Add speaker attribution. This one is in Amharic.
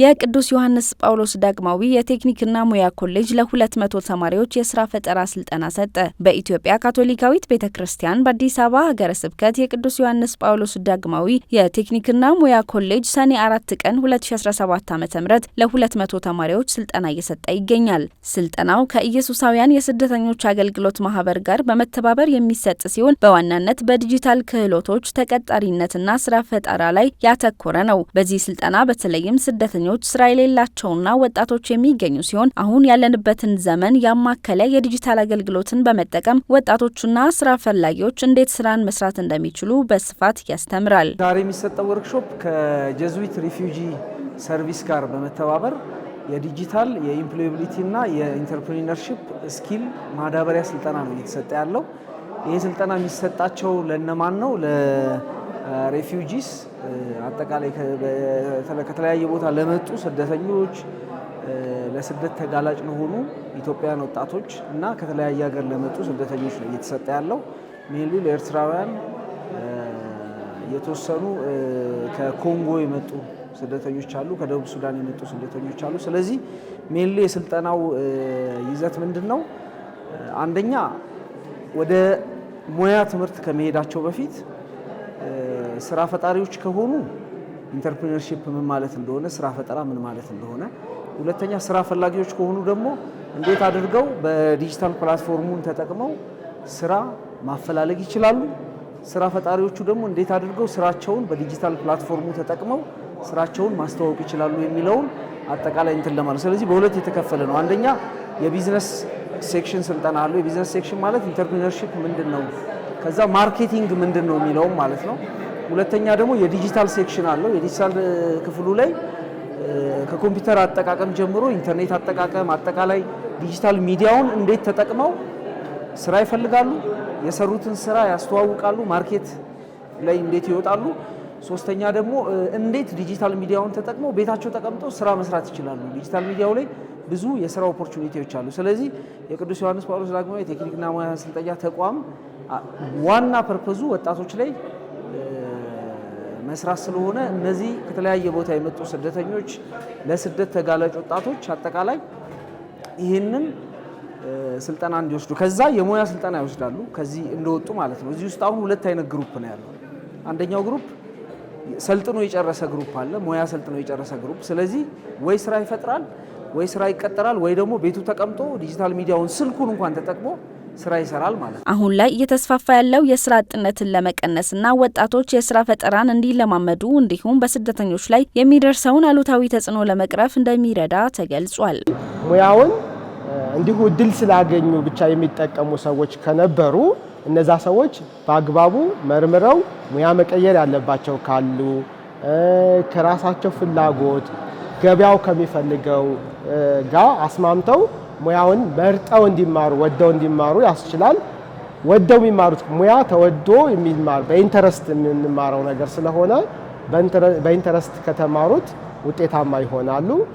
Speaker 1: የቅዱስ ዮሐንስ ጳውሎስ ዳግማዊ የቴክኒክና ሙያ ኮሌጅ ለሁለት መቶ ተማሪዎች የስራ ፈጠራ ስልጠና ሰጠ። በኢትዮጵያ ካቶሊካዊት ቤተ ክርስቲያን በአዲስ አበባ ሀገረ ስብከት የቅዱስ ዮሐንስ ጳውሎስ ዳግማዊ የቴክኒክና ሙያ ኮሌጅ ሰኔ አራት ቀን 2017 ዓ ም ለሁለት መቶ ተማሪዎች ስልጠና እየሰጠ ይገኛል። ስልጠናው ከኢየሱሳውያን የስደተኞች አገልግሎት ማህበር ጋር በመተባበር የሚሰጥ ሲሆን በዋናነት በዲጂታል ክህሎቶች ተቀጣሪነትና ስራ ፈጠራ ላይ ያተኮረ ነው። በዚህ ስልጠና በተለይም ስደተኞች ሰራተኞች ስራ የሌላቸውና ወጣቶች የሚገኙ ሲሆን አሁን ያለንበትን ዘመን ያማከለ የዲጂታል አገልግሎትን በመጠቀም ወጣቶቹና ስራ ፈላጊዎች እንዴት ስራን መስራት እንደሚችሉ በስፋት ያስተምራል።
Speaker 2: ዛሬ የሚሰጠው ወርክሾፕ ከጀዙዊት ሪፊውጂ ሰርቪስ ጋር በመተባበር የዲጂታል የኢምፕሎያብሊቲ እና የኢንተርፕሪነርሽፕ ስኪል ማዳበሪያ ስልጠና ነው እየተሰጠ ያለው። ይህ ስልጠና የሚሰጣቸው ለነማን ነው? ሬፊውጂስ አጠቃላይ ከተለያየ ቦታ ለመጡ ስደተኞች ለስደት ተጋላጭ ለሆኑ ኢትዮጵያውያን ወጣቶች እና ከተለያየ ሀገር ለመጡ ስደተኞች ነው እየተሰጠ ያለው። ሜንሊ ለኤርትራውያን የተወሰኑ ከኮንጎ የመጡ ስደተኞች አሉ፣ ከደቡብ ሱዳን የመጡ ስደተኞች አሉ። ስለዚህ ሜንሊ የስልጠናው ይዘት ምንድን ነው? አንደኛ ወደ ሙያ ትምህርት ከመሄዳቸው በፊት ስራ ፈጣሪዎች ከሆኑ ኢንተርፕሪነርሺፕ ምን ማለት እንደሆነ፣ ስራ ፈጠራ ምን ማለት እንደሆነ፣ ሁለተኛ ስራ ፈላጊዎች ከሆኑ ደግሞ እንዴት አድርገው በዲጂታል ፕላትፎርሙን ተጠቅመው ስራ ማፈላለግ ይችላሉ። ስራ ፈጣሪዎቹ ደግሞ እንዴት አድርገው ስራቸውን በዲጂታል ፕላትፎርሙ ተጠቅመው ስራቸውን ማስተዋወቅ ይችላሉ የሚለውን አጠቃላይ እንትን ለማለት ስለዚህ በሁለት የተከፈለ ነው። አንደኛ የቢዝነስ ሴክሽን ስልጠና አለው። የቢዝነስ ሴክሽን ማለት ኢንተርፕሪነርሺፕ ምንድን ነው፣ ከዛ ማርኬቲንግ ምንድን ነው የሚለውም ማለት ነው። ሁለተኛ ደግሞ የዲጂታል ሴክሽን አለው። የዲጂታል ክፍሉ ላይ ከኮምፒውተር አጠቃቀም ጀምሮ ኢንተርኔት አጠቃቀም፣ አጠቃላይ ዲጂታል ሚዲያውን እንዴት ተጠቅመው ስራ ይፈልጋሉ፣ የሰሩትን ስራ ያስተዋውቃሉ፣ ማርኬት ላይ እንዴት ይወጣሉ። ሶስተኛ ደግሞ እንዴት ዲጂታል ሚዲያውን ተጠቅመው ቤታቸው ተቀምጠው ስራ መስራት ይችላሉ። ዲጂታል ሚዲያው ላይ ብዙ የስራ ኦፖርቹኒቲዎች አሉ። ስለዚህ የቅዱስ ዮሐንስ ጳውሎስ ዳግማዊ የቴክኒክና ሙያ ስልጠኛ ተቋም ዋና ፐርፐዙ ወጣቶች ላይ መስራት ስለሆነ እነዚህ ከተለያየ ቦታ የመጡ ስደተኞች፣ ለስደት ተጋላጭ ወጣቶች አጠቃላይ ይህንን ስልጠና እንዲወስዱ ከዛ የሙያ ስልጠና ይወስዳሉ ከዚህ እንደወጡ ማለት ነው። እዚህ ውስጥ አሁን ሁለት አይነት ግሩፕ ነው ያለው። አንደኛው ግሩፕ ሰልጥኖ የጨረሰ ግሩፕ አለ፣ ሙያ ሰልጥኖ የጨረሰ ግሩፕ። ስለዚህ ወይ ስራ ይፈጥራል፣ ወይ ስራ ይቀጠራል፣ ወይ ደግሞ ቤቱ ተቀምጦ ዲጂታል ሚዲያውን ስልኩን እንኳን ተጠቅሞ ስራ ይሰራል ማለት
Speaker 1: ነው። አሁን ላይ እየተስፋፋ ያለው የስራ አጥነትን ለመቀነስና ወጣቶች የስራ ፈጠራን እንዲለማመዱ እንዲሁም በስደተኞች ላይ የሚደርሰውን አሉታዊ ተጽዕኖ ለመቅረፍ እንደሚረዳ ተገልጿል።
Speaker 2: ሙያውን እንዲሁ እድል ስላገኙ ብቻ የሚጠቀሙ ሰዎች ከነበሩ እነዛ ሰዎች በአግባቡ መርምረው ሙያ መቀየር ያለባቸው ካሉ ከራሳቸው ፍላጎት ገበያው ከሚፈልገው ጋር አስማምተው ሙያውን መርጠው እንዲማሩ ወደው እንዲማሩ ያስችላል። ወደው የሚማሩት ሙያ ተወዶ የሚማር በኢንተረስት የምንማረው ነገር ስለሆነ በኢንተረስት ከተማሩት ውጤታማ ይሆናሉ።